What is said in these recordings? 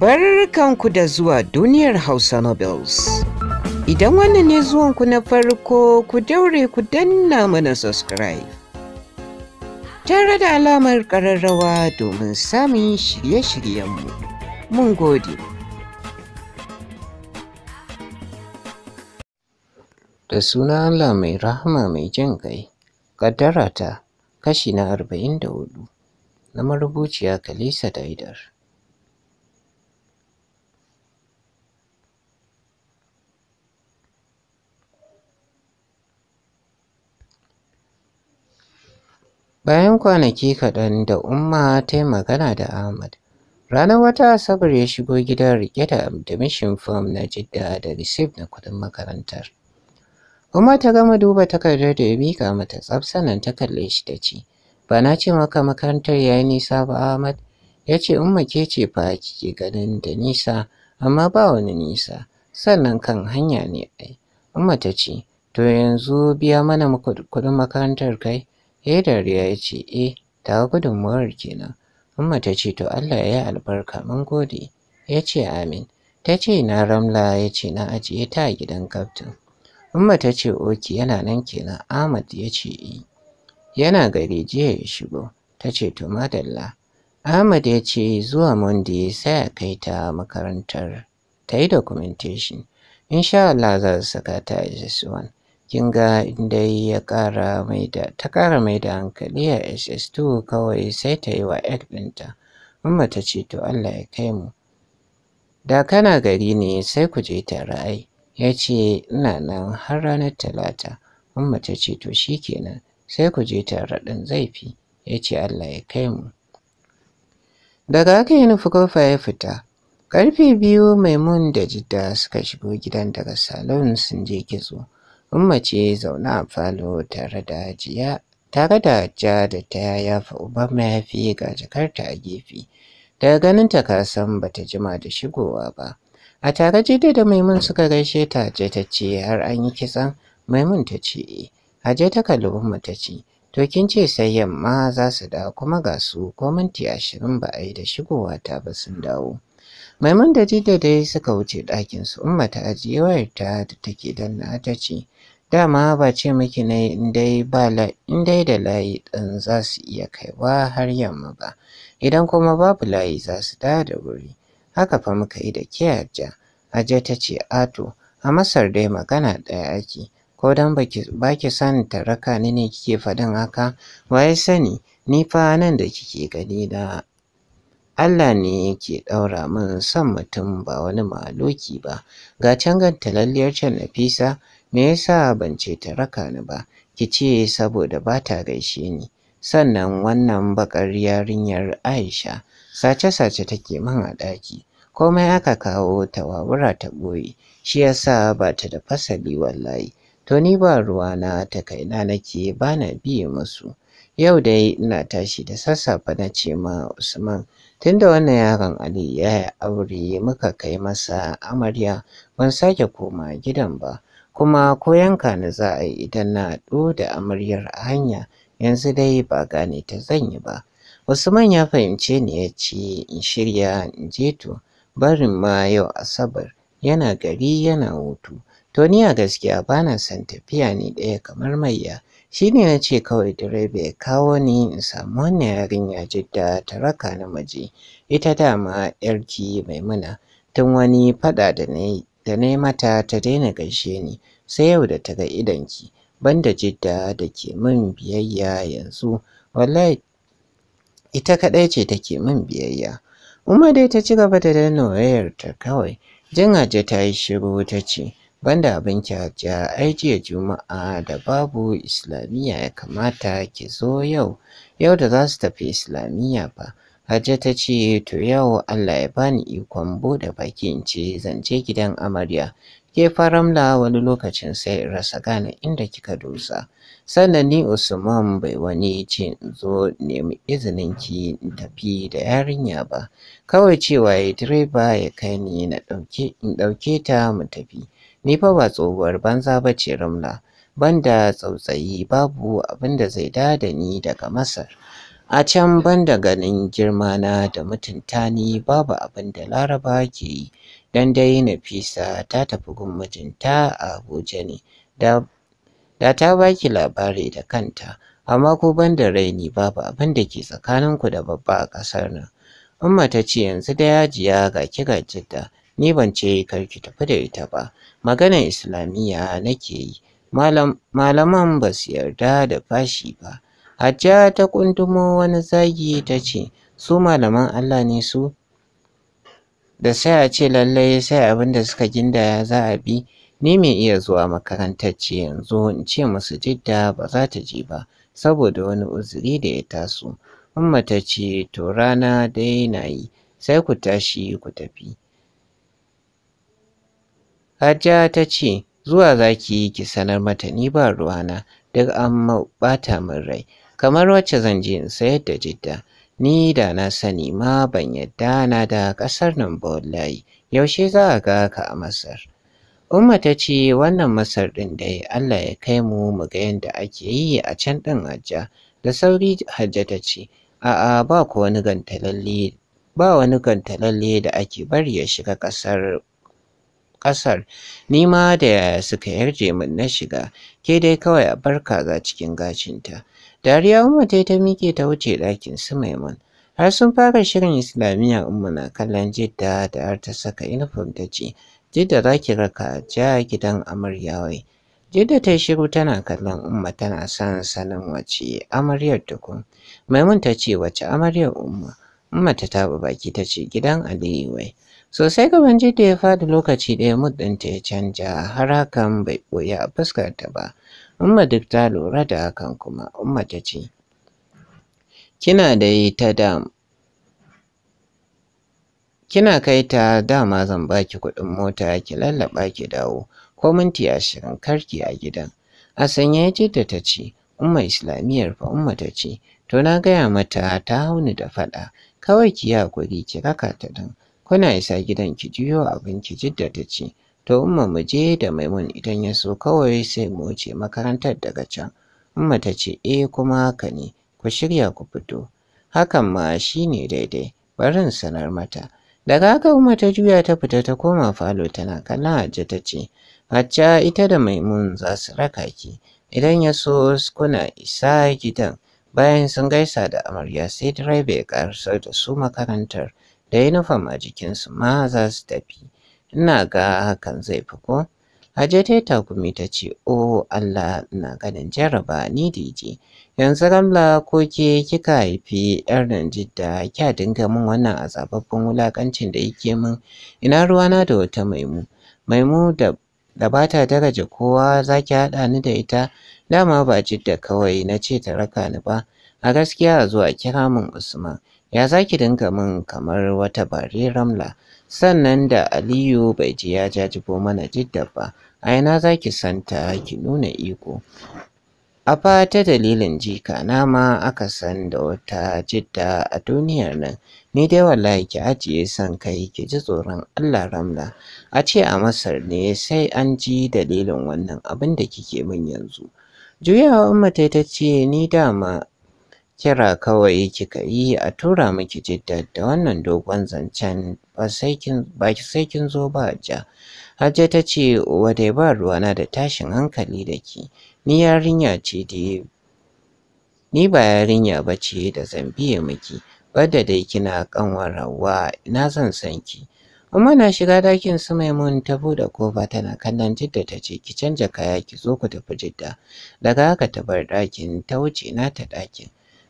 Barkanku da zuwa duniyar Hausa Nobles. Idan wannan ne zuwanku na farko ku daure ku danna mana subscribe. Tare da alamar ƙararrawa domin samun shirye-shiryenmu. Mun gode. Da suna Allah mai rahama mai jin kai, ƙaddara ta kashi na arba'in da hudu na marubuciya Kalisa Daidar. Bayan kwanaki kaɗan da Umma ta yi magana da Ahmad, ranar wata Asabar ya shigo gidan rike da admission form na Jidda da receipt na kuɗin makarantar. Umma ta gama duba takardar da ya mika mata tsaf sannan ta kalle shi da ce, Ba na ce maka makarantar ya yi nisa ba Ahmad, ya ce Umma ke ce fa kike ganin da nisa, amma ba wani nisa, sannan kan hanya ne ai. Umma ta ce, To yanzu biya mana kuɗin makarantar kai, Ya eh, yi dariya ya ce, eh, tawa gudunmuwar kenan. Amma ta ce, to Allah ya yi albarka, mun gode. Ya ce, amin. Ta ce, na ramla ya ce, na ajiye ta a gidan kaftin. Umma ta ce, oki yana nan kenan. Ahmad ya ce, "E." Yana gari jiya ya shigo. Ta ce, to madalla. Ahmad ya ce, zuwa Mundi sai a kai ta makarantar. Ta yi documentation. Insha za su saka ta a kin ga dai ya kara maida ta kara mai da hankali a ss2 kawai sai ta yi wa ek ɗinta umma ta ce to allah ya kai mu da kana gari ne sai ku je tare ai ya ce ina nan har ranar talata umma ta ce to shikenan sai ku je tare raɗin zai fi ya ce allah ya kai mu daga haka ya nufi kofa ya fita karfe biyu mai mun da jidda suka shigo gidan daga salon sun je kitso Umma zaune a falo tare da jiya tare da ja da ta yafa uban mayafi ga jakarta a gefe. Daga ganinta ka san bata jima da shigowa ba. A tare jide da Maimun suka gaishe ta je ta ce har an yi kisan Maimun ta ce eh. je ta kalli Umma ta ce to kin ce sai yamma za su da kuma ga su ko minti ashirin ba a yi da shigowa ta ba sun dawo. Maimun da jide dai suka wuce ɗakin su Umma ta ta da take danna ta ce Dama ba ce miki na in dai da layi ɗin za su iya kaiwa har yamma ba, idan kuma babu layi za su da da wuri. Haka fa muka yi da ke ja. aja ta ce ato, a Masar dai magana ɗaya ake, ko don ba ki san ta raka ni ne kike faɗin haka, waye sani ni fa nan da kike gani da. Allah ne yake ɗaura min son mutum ba wani maloki ba, ga can gan talalliyar can Nafisa me yasa ban ce ta raka ni ba ki ce saboda ba ta gaishe ni sannan wannan bakar yarinyar Aisha sace-sace take man a ɗaki komai aka kawo tawawura ta boye shi yasa ba ta da fasali wallahi to ni ba ruwa na ta kaina nake ba na biye musu yau dai ina tashi da sassafe na ce ma Usman tunda wannan yaron Ali ya yi aure muka kai masa amarya ban sake koma gidan ba kuma ko yanka ni za a yi idan na haɗu da amaryar a hanya yanzu dai ba gane ta zan yi ba usman ya fahimce ni ya ce in shirya in je to barin ma yau asabar yana gari yana hutu to ni a gaskiya bana son tafiya ni ɗaya kamar mayya shi ne na ce kawai direba ya kawo ni in samu wannan yarinya jidda ta raka na maje ita dama yarki maimuna tun wani faɗa da na yi da ne mata ta daina gaishe ni sai yau da ta ga idanki banda jidda da ke min biyayya yanzu wallahi ita kaɗai ce ta ke min biyayya umma dai ta ci gaba da daina wayarta kawai jin hajja ta yi shiru ta ce banda abin ki ai jiya juma'a da babu islamiyya ya kamata ki zo yau yau da za su tafi islamiyya ba Hajja ta ce to yau Allah ya bani ikon buɗe baki in ce zan je gidan amarya. Ke faramla wani lokacin sai in rasa gane inda kika dosa. Sannan ni Usman bai wani ce in zo nemi izinin ki tafi da yarinya ba. Kawai cewa ya direba ya kai ni na ɗauke in ɗauke ta mu tafi. Ni fa ba tsohuwar banza ba ce Ramla. Banda tsautsayi babu abinda zai dada ni daga Masar. A can ban da ganin girmana da mutunta ni babu abin da Laraba ke yi, Dan dai Nafisa ta tafi gun mijinta a Abuja ne, da, da ta baki labari da kanta, amma ko banda raini babu abin da ke tsakaninku da babba a ƙasar nan. Umma ta ce yanzu da yajiya ga ki jidda, ni ban ce kar ki tafi da ita ba, maganar Islamiyya nake yi, malaman ba su yarda da fashi ba. hajja ta kundumo wani zagi ta ce, su malaman Allah ne su, da sai a ce lallai sai abinda da suka gindaya za a bi, ni mai iya zuwa makarantar ce yanzu in ce musu jidda ba za ta je ba, saboda wani uzuri da ya taso. Umma ta ce, to rana dai na yi, sai ku tashi ku tafi. Hajiya ta ce, zuwa za ki yi ki sanar mata ni ba ruwana, duk an ɓata min rai. kamar wacce zan je in sayar da jidda ni da na sani ma ban yadda na da ƙasar nan ba wallahi yaushe za a ga ka a masar umma ta ce wannan masar ɗin dai allah ya kai mu mu ga yadda ake yi a can ɗin hajja da sauri hajja ta ce a'a ba ku wani gantalalle ba wani gantalalle da ake bari ya shiga ƙasar ƙasar ni ma da suka yarje min na shiga ke dai kawai a bar kaza cikin gashinta Dariya Umma ta yi ta miƙe ta wuce ɗakin su Maimun. Har sun fara shirin islamiyyar Umma na kallon Jidda da har ta saka inifom ta ce, Jidda za ki raka ja gidan amaryawai. Jidda ta yi shiru tana kallon Umma tana son sanin wace amaryar tuku. Maimun ta ce wace amaryar Umma. Umma ta taɓa baki ta ce gidan aliyuwai. Sosai gaban Jidda ya faɗi lokaci ɗaya muddin ta ya canja har hakan bai ɓoye a fuskarta ba. Umma duk ta lura da hakan kuma Umma ta ce, Kina da ta Kina kai ta dama zan baki kuɗin mota ki lallaɓa ki dawo ko minti ashirin karki a gidan. A sanya ya jidda ta ce, Umma Islamiyyar fa Umma ta ce, to na gaya mata ta hauni da faɗa kawai ki yi hakuri ki raka ta dan kuna isa gidan ki juyo abin ki jidda ta ce. to umma mu je da maimun idan ya so kawai sai mu wuce makarantar daga can umma ta ce eh kuma haka ne ku shirya ku fito hakan ma shi ne daidai barin sanar mata daga haka umma ta juya ta fita ta koma falo tana kana hajja ta ce hacca ita da maimun za su raka ki idan ya so kuna isa gidan bayan sun gaisa da amarya sai direba ya karsar da su makarantar da yunifam a jikinsu ma za su tafi ina ga hakan zai fi ko? Hajiya ta yi takumi ta ce, O oh, Allah na ganin jaraba ni dije, yanzu Ramla ko ke kika haifi ‘yar nan jidda kya dinga min wannan azababbin wulakancin da yake min ina ruwana da wata maimu, maimu da da ba ta daraja kowa za ki haɗa ni da ita dama ba jidda kawai na ce ta raka ni ba a gaskiya zuwa kira min usman ya za ki dinga min kamar wata bare ramla sannan da Aliyu bai je ya jajibo mana jidda ba, a ina za ki santa ki nuna iko. A fa ta dalilin jika na ma aka san da wata jidda a duniyar nan, ni dai wallahi ki ajiye san kai ki ji tsoron Allah ramla, a ce a Masar ne sai an ji dalilin wannan abin da kike min yanzu. Juyawa Umma ta ce ni dama kira kawai kika yi a tura miki jidda da wannan dogon zancen ba sai kin zo ba ja hajja ta ce uwa dai ba ruwana da tashin hankali da ki ni yarinya ce da ni ba yarinya ba ce da zan biye miki bada dai kina kanwar rawa na zan san ki Amma na shiga dakin su Maimun ta bude kofa tana kallon Jidda ta ce ki canja kaya ki zo ku tafi Jidda daga haka ta bar dakin ta wuce na ta dakin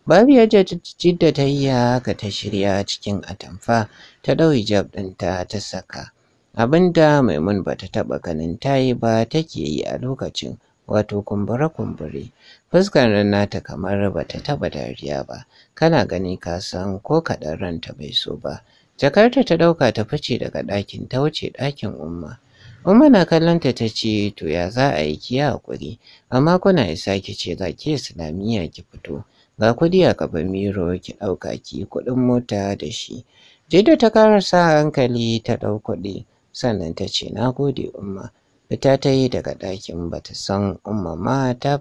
Babu yadda jidda ta yi haka ta shirya cikin atamfa ta ɗau hijab ɗinta ta saka. Abinda Maimun ta taɓa ganin ta yi ba take yi a lokacin wato kumbure-kumbure. Fuskar nan nata kamar ba ta taɓa dariya ba, kana gani ka san ko kaɗan ranta bai so ba. Jakarta ta ɗauka ta fice daga ɗakin ta wuce ɗakin Umma. Umma na kallonta ta ce to ya za a yi ki haƙuri, amma kuna isa ki ce za ki Islamiyya ki fito. Ga kuɗi a gaban miro ki ɗauka ki kuɗin mota da shi. Jidda ta sa hankali ta ɗau kuɗi sannan ta ce na gode umma. Fita ta yi daga ɗakin bata san umma ma ta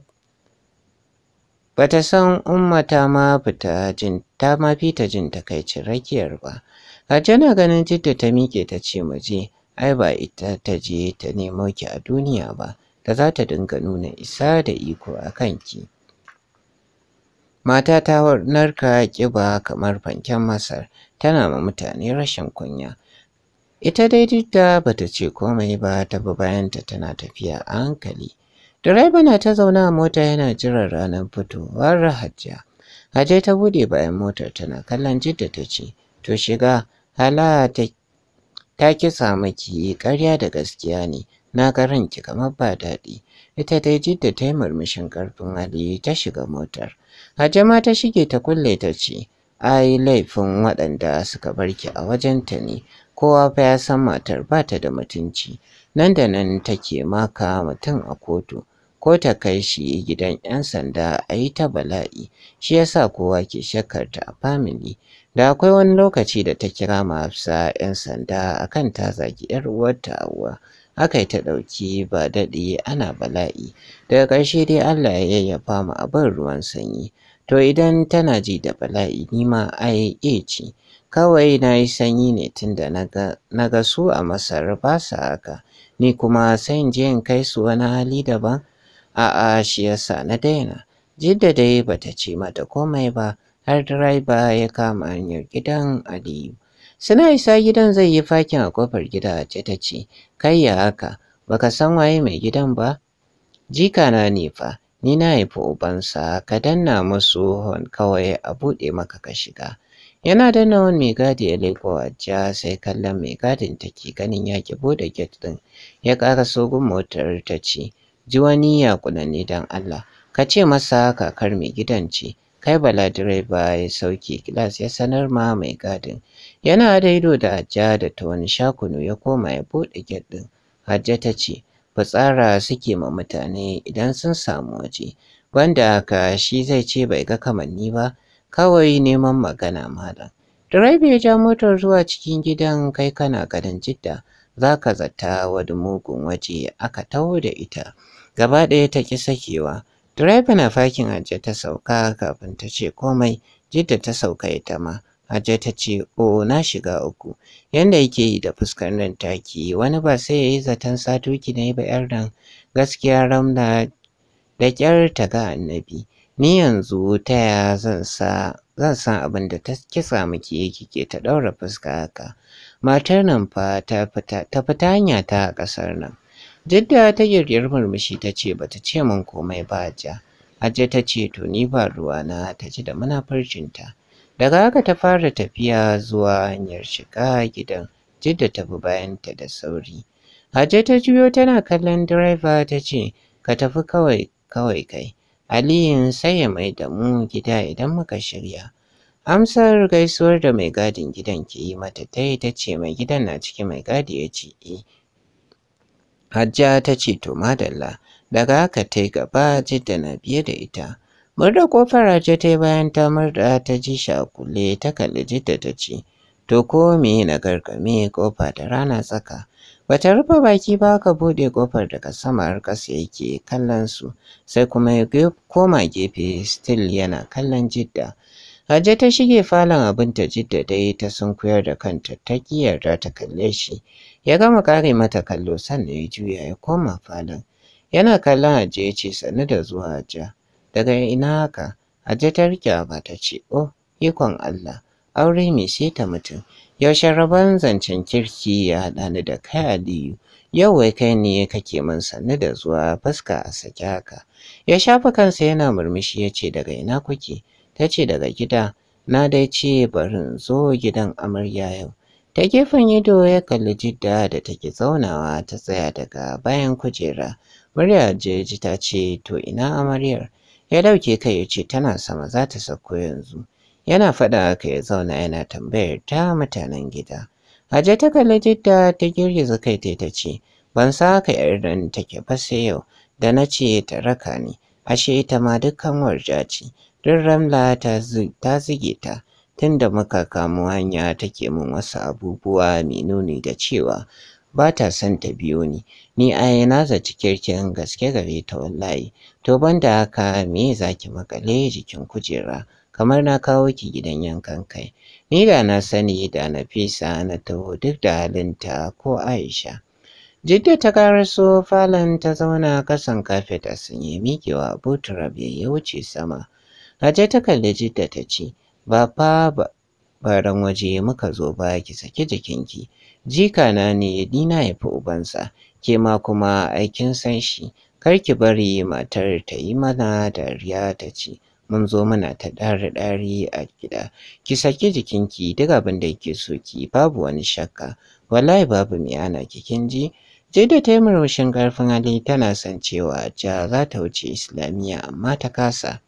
bata san umma ta ma fita jin ta ma fita jin takaicin rakiyar ba. Hajjana ganin Jidda ta miƙe ta ce mu je ai ba ita ta je ta nemo ki a duniya ba da za ta dinga nuna isa da iko a kanki. Mata ta narka ƙiba kamar fanken masar, tana ma mutane rashin kunya. Ita dai duk da ta ce komai ba ta bi bayanta tana tafiya a hankali. Direba na ta zauna a mota yana jiran ranar fitowar Hajiya. Hajiya ta bude bayan motar tana kallon jidda ta ce, To shiga, hala ta, ta kisa maki ƙarya da gaskiya ne, na ga ranki kamar ba daɗi. Ita dai jidda ta yi murmushin ƙarfin hali ta shiga motar. hajama ta shige ta kulle ta ce, ai laifin waɗanda suka barki a wajenta ne, kowa fa ya san matar ba ta da mutunci, nan da nan take maka mutum a kotu. ko ta kai shi gidan 'yan sanda a yi ta bala'i shi yasa kowa ke shakarta a famili da akwai wani lokaci da ta kira mafisa 'yan sanda a kan ta zagi 'yar uwarta Hauwa aka yi ta ɗauki ba daɗi ana bala'i daga ƙarshe dai Allah ya yayyafa mu abin ruwan sanyi To idan tana ji da bala'i ni ma ai e ce, kawai na yi sanyi ne tunda na ga su a Masar ba sa haka, ni kuma sai in je in kai su wani hali daban, a'a shi yasa na daina. Jidda dai bata ce mata komai ba, har direba ya kama hanyar gidan Aliyu. Suna isa gidan zai yi fakin a kofar gida ce ta ce, kai ya haka, baka san waye mai gidan ba? Jika na ne fa, ni na haifi ubansa ka danna musu hon kawai a buɗe maka ka shiga yana danna wani mai gadi ya leƙo ajiya sai kallon mai gadin take ganin ya ki buɗe get ɗin ya ƙara sogun motar ta ce ji wani ya ne don Allah ka ce masa kakar mai gidan ce kai bala direba ya sauke gilas ya sanar ma mai gadin yana da da ajiya da ta wani shakunu ya koma ya buɗe get ɗin hajja ta ce fitsara suke ma mutane idan sun samu waje wanda haka shi zai ce bai ga kamanni ba kawai neman magana malam direba ya ja motar zuwa cikin gidan kai kana ganin jidda za ka zata wani mugun waje aka taho da ita gaba ɗaya ta ƙi sakewa direba na fakin hajja ta sauka kafin ta ce komai jidda ta sauka ita ma Hajja ta ce, "O, oh, na shiga uku." Yanda yake yi da fuskar nan taki, wani ba sai ya yi zaton sato ki na yi ba ‘yar nan, gaskiya ramna da ƙyar ta ga annabi. Ni yanzu ta ya zan sa san abin da ta kisa miki kike ta ɗaura fuska haka. Matar nan fa ta fita ta hanya ta a ƙasar nan. Jidda ta girgir murmushi ta ce bata ce min komai ba ja. Hajja ta ce to ni ba ruwa na ta ji da munafarcinta. Daga haka ta fara tafiya zuwa hanyar shiga gidan, Jidda ta bi bayanta da sauri. hajja ta juyo tana kallon direba ta ce, Ka tafi kawai kawai kai, Aliyun sai ya mai da mu gida idan muka shirya. Amsar gaisuwar da mai gadin gidan ke yi mata ta yi ta ce mai gidan na ciki mai gadi ya ce, E. Hajja ta ce, To madalla, daga haka ta yi gaba Jidda na biye da ita. Murda ƙofar Hajjo ta yi bayan ta murda ta ji shi a kulle ta kalli jidda ta ce, To ko me na gargame ƙofa da rana tsaka. Bata rufe baki ba ka buɗe kofar daga sama har ƙasa yake kallon su sai kuma ya koma gefe still yana kallon jidda. Hajje ta shige falon abin ta jidda dai ta sun sunkuyar da kanta ta kiyarda ta kalle shi. Ya gama kare mata kallo sannan ya juya ya koma falon. Yana kallon Hajje ya ce sannu da zuwa Hajja. daga ina haka Hajja ta rike ba ce oh ikon Allah aure me mai ta mutum yaushe rabon zancen kirki ya haɗa ni da kai Aliyu yau wai kai ne kake min sannu da zuwa fuska a sake haka ya shafa kansa yana murmushi yace, daga ina kuke Tace daga gida na dai ce barin zo gidan amarya yau ta gefen ido ya kalli jidda da take zaunawa ta tsaya daga bayan kujera murya jeji ta ce to ina amaryar ya dauke kai ya ce tana sama za ta sauko yanzu yana faɗa haka ya zauna yana tambayar ta mutanen gida haje ta kalli jidda ta girgiza kai ta ta ce ban sa haka yar nan take ba sai yau da na ce ta raka ni ashe ita ma dukkan warja ce duk ramla ta zige ta tunda muka kamo hanya take min wasu abubuwa mai nuni da cewa ba ta son ta biyo ni ni ai na zaci kirkin gaske gare ta wallahi to banda haka me za ki makale jikin kujera kamar na kawo ki gidan yankan kai ni da na sani da na fisa na taho duk da halinta ko Aisha Jidda ta karaso falon ta zauna kasan kafet a sanye mikewa Abu Turab ya wuce sama. Kaje ta kalli Jidda ta ce, ba fa baran waje muka zo ba ki saki jikinki Jika na ne ɗina ya fi ubansa, ke ma kuma aikin san shi, kar ki bari matar ta yi mana dariya ta ce, mun zo mana ta ɗari-ɗari a gida, ki saki jikinki duk abin da yake so ki babu wani shakka, wallahi babu mai ana kikin ji. Jada ta yi murmushin ƙarfin hali tana son cewa ja za ta wuce Islamiyya amma ta kasa.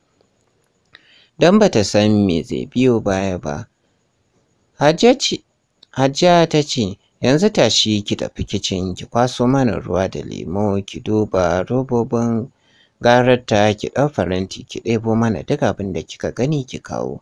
Don ba ta san me zai biyo baya ba. Hajja ta ce, Yanzu tashi ki tafi kicin ki kwaso mana ruwa da lemo ki duba robobin gararta ki ɗau faranti ki ɗebo mana duk abin da kika gani ki kawo.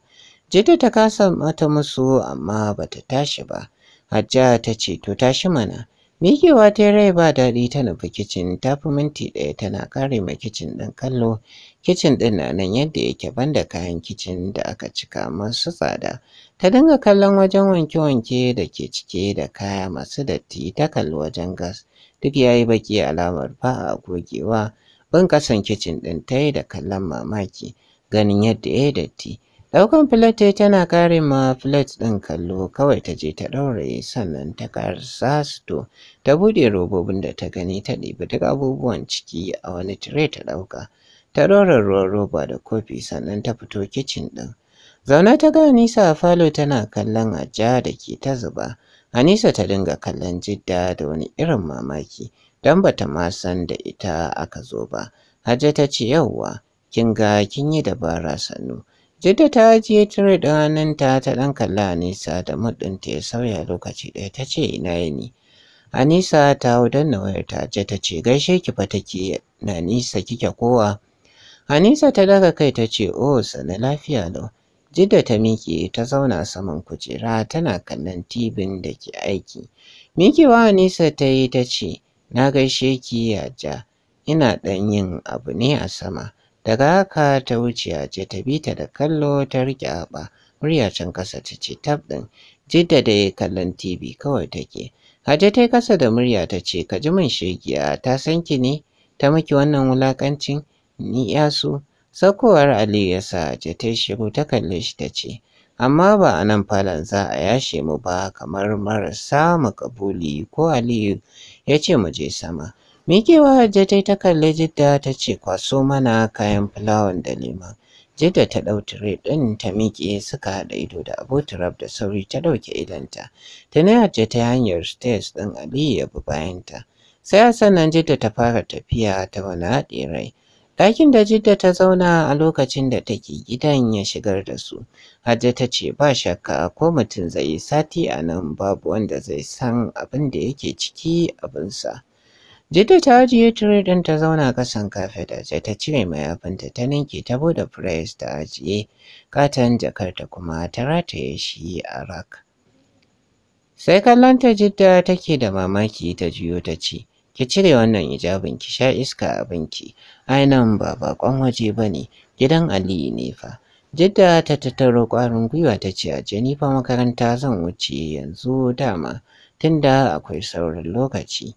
Jidda ta kasa mata musu amma bata tashi ba. Hajja ta ce to tashi mana Mikewa ta rai ba daɗi ta nufi kicin ta fi minti ɗaya tana kare ma kicin ɗin kallo. Kicin ɗin na nan yadda yake banda kayan kicin da aka cika masu tsada. Ta dinga kallon wajen wanke-wanke da ke cike da kaya masu datti ta kalli wajen gas. Duk ya yi baƙi alamar ba a gogewa. Bin ƙasan kicin ɗin ta yi da kallon mamaki ganin yadda ya yi datti. Daukan filet tana kare ma filet ɗin kallo kawai ta je ta ɗauraye sannan ta karsa to ta buɗe robobin da ta gani ta ɗibi duk abubuwan ciki a wani tire ta ɗauka. Ta ɗora ruwan roba da kofi sannan ta fito kicin ɗin. Zaune ta ga Anisa a falo tana kallon a ja da ke ta zuba. Anisa ta dinga kallon jidda da wani irin mamaki don bata ma san da ita aka zo ba. Hajja ta ce yauwa kin ga kin yi dabara sannu. Jidda ta je cire da hannunta ta ɗan kalla Anisa da muddinta ya sauya lokaci ɗaya ta ce ina yini. Anisa ta hau ta je ta ce gaishe ki fa take na nisa kike kowa. Anisa ta daga kai ta ce o oh, sana lafiya lo. Jidda ta miƙe ta zauna saman kujera tana kallon tibin da ke aiki. Miƙewa Anisa ta yi ta ce na gaishe ki ya ja, ina ɗan yin abu ne a sama. Daga haka ta wuce a ce ta bi ta da kallo ta riƙe haɓa. Murya can ƙasa ta ce tab ɗin. Jidda dai kallon TV kawai take. haja ta yi ƙasa da murya ta ce ka ji min shegiya ta san ki ne ta miki wannan wulaƙancin ni yasu. Saukowar Aliyu ya sa Hajiya ta yi shiru ta kalle shi ta ce amma ba a nan falon za a yashe mu ba kamar marasa makabuli ko Aliyu ya ce mu je sama. Mikewa Hajja ta ta kalli Jidda ta ce kwaso mana kayan fulawan da lemon Jidda ta ɗau tire ɗin ta miƙe suka haɗa ido da abotirab da sauri ta ɗauke idanta. Tuni Hajja ta hanyar stairs ɗin Aliyu ya bi bayanta. Sai a sannan Jidda ta fara tafiya ta wani haɗe rai. Ɗakin da Jidda ta zauna a lokacin da take gidan ya shigar da su. Hajja ta ce ba shakka ko mutum zai yi sati a nan babu wanda zai san abin da yake ciki abinsa. Jita ta ajiye tire ɗin ta zauna ƙasan kafeda sai ta cire mayafinta ta ninke ta bude firayis ta ajiye katon jakarta kuma ta rataye shi a rak. Sai kallonta Jidda take da mamaki ta juyo ta ce, ki cire wannan hijabin ki sha iska abinki, ai nan ba baƙon waje ba ne, gidan Aliyu ne fa. Jidda ta tattaro ƙwarin gwiwa ta ce a jini fa makaranta zan wuce yanzu dama tunda akwai sauran lokaci.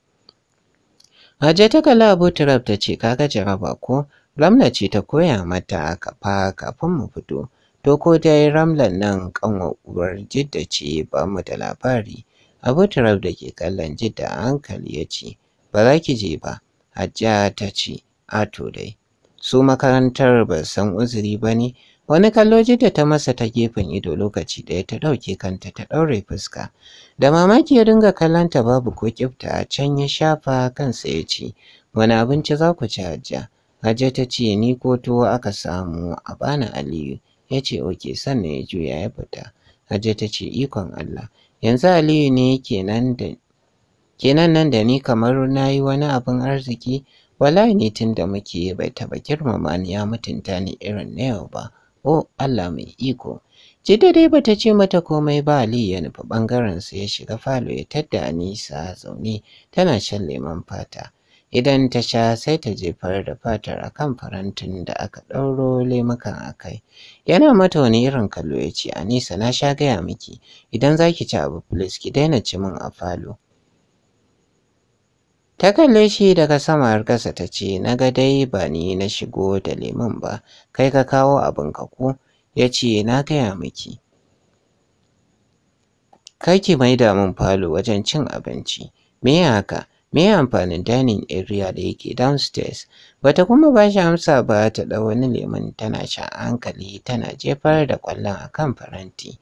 Aje ta kalli Abu Turab ta ce kaga jaraba ko Ramla ce ta koya mata kafa kafin mu fito. To ko dai Ramlan nan kanwa uwar Jidda ce ba mu da labari. Abu Turab da ke kallon Jidda a hankali ya ce ba za ki je ba. hajja ta ce a to dai. Su makarantar ba san uzuri ba ne Wani kallo jidda ta masa ta gefen ido lokaci ɗaya ta ɗauke kanta ta ɗaure fuska. Da mamaki ya dinga kallonta babu ko kifta, a can ya shafa kansa ya ce, wani abinci za ku ci hajja? Hajja ta ce ni ko tuwo aka samu a bana Aliyu. Ya ce oke sannan ya juya ya fita. Hajja ta ce ikon Allah. Yanzu Aliyu ne kenan nan da ni kamar na yi wani abin arziki wallahi ni tun da muke bai taɓa girmama ni ya mutunta ni irin na yau ba. o Allah mai iko. da dai bata ce mata komai ba Ali ya nufi sa ya shiga falo ya tadda Anisa zaune tana shan lemon fata. Idan ta sha sai ta jefar da fatar akan farantin da aka ɗauro lemukan akai Yana mata wani irin kallo ya ce Anisa na sha gaya miki idan zaki ci abu please ki daina ci min a falo. Ta kalle shi daga samar ƙasa ta ce, Na ga dai ba ni na shigo da lemon ba, kai ka kawo abin ka ko? Ya ce, Na gaya miki. Kaki mai damun falo wajen cin abinci, me ya haka? Me ya amfanin dining area da yake downstairs? Bata kuma ba shi amsa ba ta ɗau wani lemun tana sha hankali tana jefar da kwallon a kan faranti.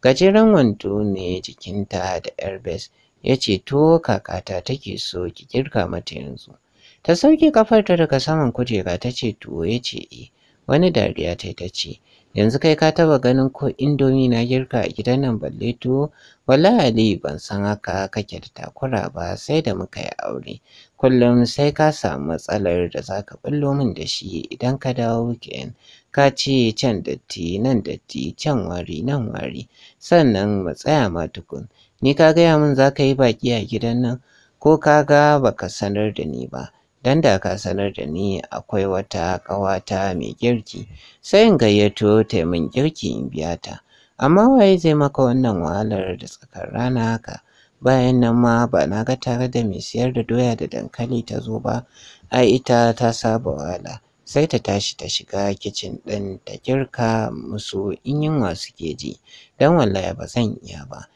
Gajeren wando ne jikinta da airbase ya ce to kakata take so ki kirka mata yanzu ta sauke kafarta daga saman kujera ta ce tuwo ya ce e wani dariya ta ta ce yanzu kai ka taba ganin ko indomi na girka a gidan nan balle tuwo wallahi Ali ban san haka kake da takura ba sai da muka yi aure kullum sai ka samu matsalar da zaka bullo min da shi idan ka dawo weekend ka ce can datti nan datti can wari nan wari sannan mu tsaya ma tukun Ni ka gaya min za ka yi baƙi a gidan nan ko ka ga ba ka sanar da ni ba. Dan da ka sanar da ni akwai wata ƙawata mai girki sai in gayyato ta min girki in biya ta. Amma waye zai maka wannan wahalar da tsakar rana haka? Bayan nan ma ba na ga tare da mai siyar da doya da dankali ta zo ba, ai ita ta saba wahala. Sai ta tashi ta shiga kicin ɗin ta girka musu in yunwa suke ji, don wallahi ba zan iya ba.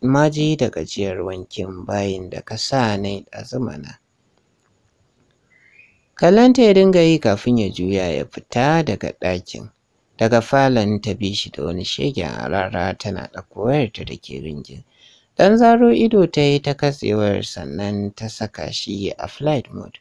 maji da gajiyar wankin bayin da ka sa na ɗazu mana. Kallonta ya dinga yi kafin ya juya ya fita daga ɗakin. Daga falon ta bi shi da wani shegen arara tana ɗauko wayarta da ke ringin. Ɗan zaro ido ta yi ta katsewar sannan ta saka shi a flight mode.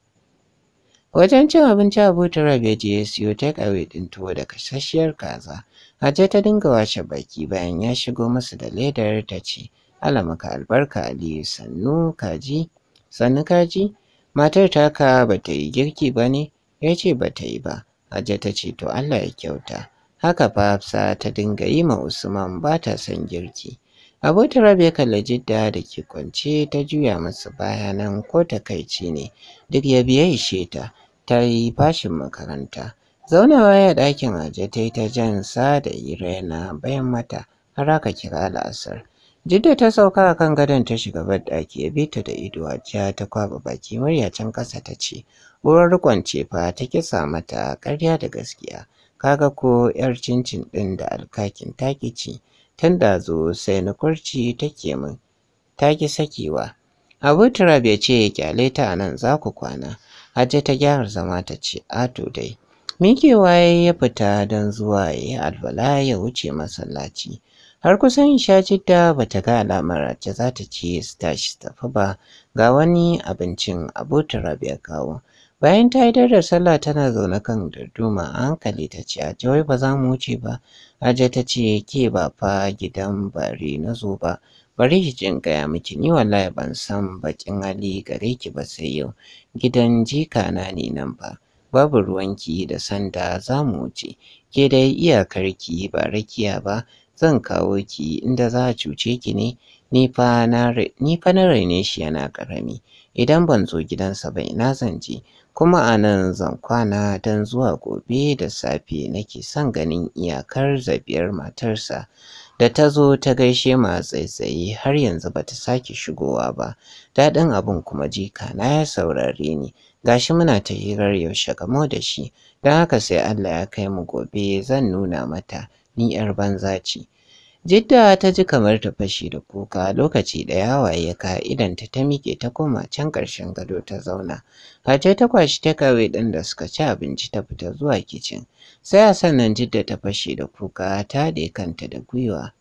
Wajen cin abinci a Buturab ya je ya siyo take away ɗin tuwo da kasasshiyar kaza Hajiya ta dinga washe baki bayan ya shigo masa da ledar ta ce, "Alamaka! albarka Aliyu sannu kaji, sannu kaji, matar taka ba ta yi girki ba ne, ya ce ba ta yi ba. Hajiya ta ce to Allah ya kyauta. Haka fa Hafsa ta dinga yi ma Usman ba ta son girki. Abota Rabi ya kalla Jidda da ke kwance ta juya masa baya nan ko takaici ne, duk ya biya ishe ta, ta yi fashin makaranta. Zaunawa ya ɗakin aje ta yi ta jan sa da Irena bayan mata har aka kira la'asar. Jidda ta sauka a kan gadon ta shiga ɗaki ya bi da ido a jiya ta kwaba baki murya can ƙasa ta ce, Uwar rikon ce fa ta kisa mata karya da gaskiya, kaga ko ‘yar cincin ɗin da alkakin taki ce, tun da zo sai na kurci take min, ta ki sakewa. Abu ce ya ce, kyale ta nan za ku kwana, Aje ta gyara zama ta ce, Ato dai. Mikewa ya fita don zuwa ya alfala ya wuce masallaci. Har kusan sha jidda ba ta ga alamar ce za ta ce su tashi tafi ba ga wani abincin abota rabi ya kawo. Bayan ta yi da sallah tana zaune kan darduma a hankali ta ce Aje wai ba za mu wuce ba. Aje ta ce ke ba fa gidan bare na zo ba. Bari ki jin gaya miki ni wallahi ban san bakin hali gare ki ba sai yau. Gidan jika na ne nan ba. babu ruwanki da sanda za mu wuce, ke dai iyakarki ba rakiya ba, zan kawo ki inda za a cuce ki ne, ni fa na raine shi yana ƙarami, idan ban zo gidansa ba ina zan je, kuma a nan zan kwana don zuwa gobe da safe nake son ganin iyakar zabiyar matarsa. da ta zo ta gaishe ma tsaitsaye har yanzu ba ta sake shigowa ba daɗin abin kuma jika na ya saurare ni gashi muna ta hirar yaushe gamo da shi don haka sai Allah ya kai mu gobe zan nuna mata ni yar banza ce Jidda ta ji kamar ta fashi da kuka lokaci da waye ka idan ta ta miƙe ta koma can ƙarshen gado ta zauna. Hace ta kwashi ta kawai ɗin da suka ci abinci ta fita zuwa kicin. Sai a sannan Jidda ta fashi da kuka ta da kanta da gwiwa.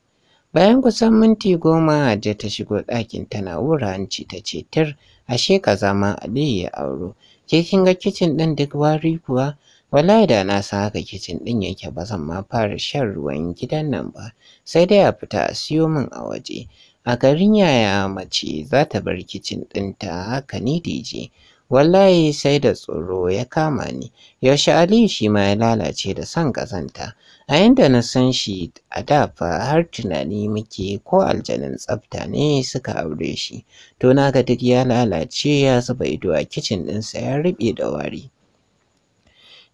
Bayan kusan minti goma Hajiya ta shigo ɗakin tana wura hanci ta ce tir ashe ka zama Aliyu ya auro. Ke kin ga kicin ɗin duk wari kuwa? Wallahi da na san haka kicin ɗin yake ba zan ma fara shan ruwan gidan nan ba. Sai dai a fita a siyo min a waje. A garin yaya mace za ta bar kicin ɗinta haka ni dije. Wallahi sai da tsoro ya kama ni. Yaushe Aliyu shi ma ya lalace da son kazanta? A yanda na san shi a da fa har tunani muke ko aljanin tsafta ne suka aure shi, to na ga duk ya lalace ya zuba ido a kicin ɗinsa ya ruɓe da wari.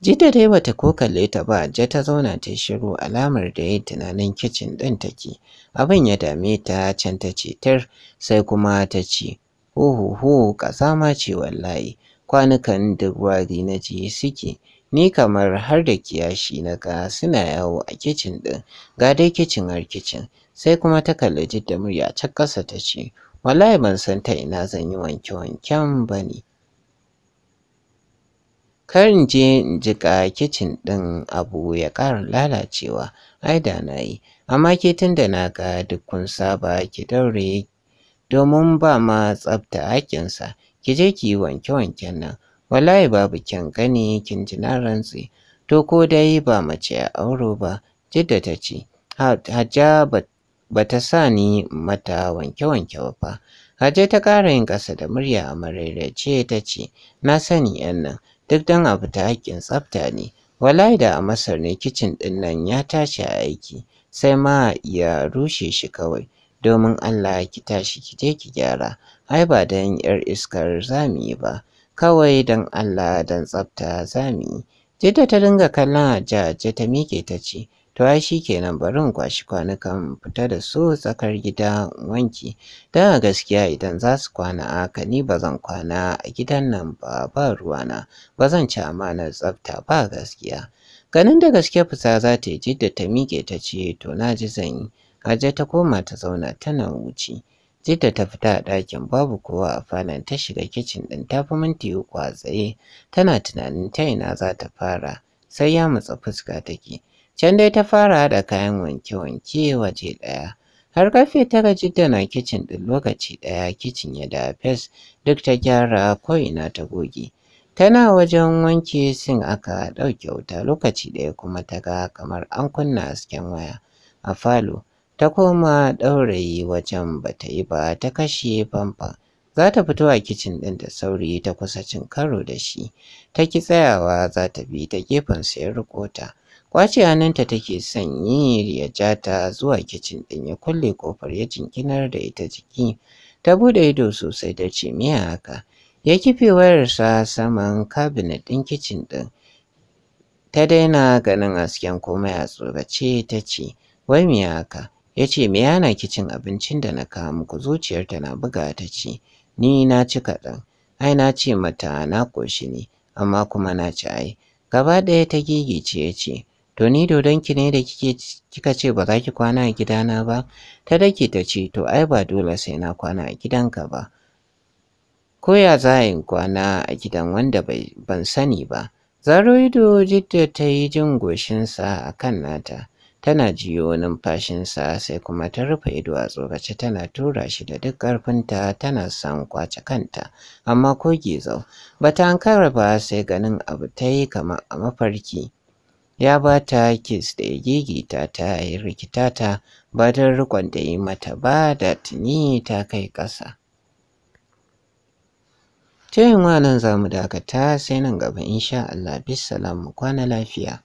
Jidda dai bata ko kalle ta ba, ja ta zauna ta shiru alamar da yayi tunanin kicin ɗin take. Abin ya dame ta can ta ce sai kuma ta ce ho ho ho ƙazama ce wallahi kwanukan duk wari na ji suke Ni kamar har da kiyashi na ga suna yawo a kicin ɗin, ga dai kicin har kicin. Sai kuma ta kalli Jidda murya ta kasa ta ce, wallahi ban san ta ina zan yi wanke-wanken ba ne. Kar in je in jiƙa kicin ɗin abu ya ƙara lalacewa, ai da na yi. Amma ke tun da na ga duk kun saba ki daure domin ba ma tsafta hakinsa, ki je ki yi wanke-wanken nan. Wallahi babu kyan gani kin ji na rantse. To ko dai ba mace a auro ba, jidda ta ce, Hajja ba ta sa ni mata wanke-wanke ba fa. ta ƙara yin ƙasa da murya a ce ta ce, Na sani ‘yan nan, duk don abu ta haƙƙin tsafta ne. Wallahi da a Masar ne kicin ɗin nan ya tashi a aiki, sai ma ya rushe shi kawai. Domin Allah ki tashi ki je ki gyara, ai ba don ‘yar iskar za mu yi ba. kawai don Allah don tsafta zamu yi. Jidda ta dinga kallon Hajjaj ta miƙe ta ce, To ai shi kenan barin kwashi kwanukan fita da su tsakar gida wanki. a gaskiya idan za su kwana aka ni ba zan kwana a gidan nan ba ba ruwana, ba zan ci na tsafta ba gaskiya. Ganin da gaske fusa za ta yi jidda ta miƙe ta ce to na ji zan yi. Hajja ta koma ta zauna tana wuce. Jidda ta fita a ɗakin babu kowa a falon ta shiga kicin ɗin ta fi minti uku a tsaye tana tunanin ta ina za ta fara sai ya matsa fuska take. Can dai ta fara haɗa kayan wanke-wanke waje ɗaya. Har ƙarfe tara Jidda na kicin ɗin lokaci ɗaya kicin ya da fes duk ta gyara ko'ina ta goge. Tana wajen wanke sin aka ɗauke wuta lokaci ɗaya kuma ta ga kamar an kunna hasken waya a falo. ta koma ɗaurayi wajen ba ta yi ba ta kashe famfan. Za ta fito a kicin ɗin da sauri ta kusa cin karo da shi, ta ki tsayawa za ta bi ta gefen ya riƙo ta. Kwace hannunta take sanyi ya ja ta zuwa kicin ɗin ya kulle ƙofar ya jinkinar da ita jiki. Ta buɗe ido sosai da ce miya haka. Ya kife wayarsa saman kabinet ɗin kicin ɗin. Ta daina ganin hasken komai a tsorace ta ce, wai miya haka? ya ce me yana ki cin abincin da na kawo muku zuciyarta na buga ta ce ni na ci kaɗan ai na ce mata na ƙoshi ne amma kuma na ci ai gaba ɗaya ta gigice ya ce to ni ki ne da kika ce ba za ki kwana a gidana ba ta dake ta ce to ai ba dole sai na kwana a gidanka ba ko ya za kwana a gidan wanda ban sani ba zaro ido jidda ta yi jin goshinsa a kan nata tana jiyo numfashinsa sai kuma ta rufe ido a tsokace tana tura shi da duk ƙarfinta tana son kwace kanta amma ko gizo ta hankara ba sai ganin abu ta yi kama a mafarki ya ba ta kis da ya gigita ta yi rikita ta ba don rikon da yi mata ba da tuni ta kai ƙasa ta yin nan za mu dakata sai nan gaba insha Allah bisalamu kwana lafiya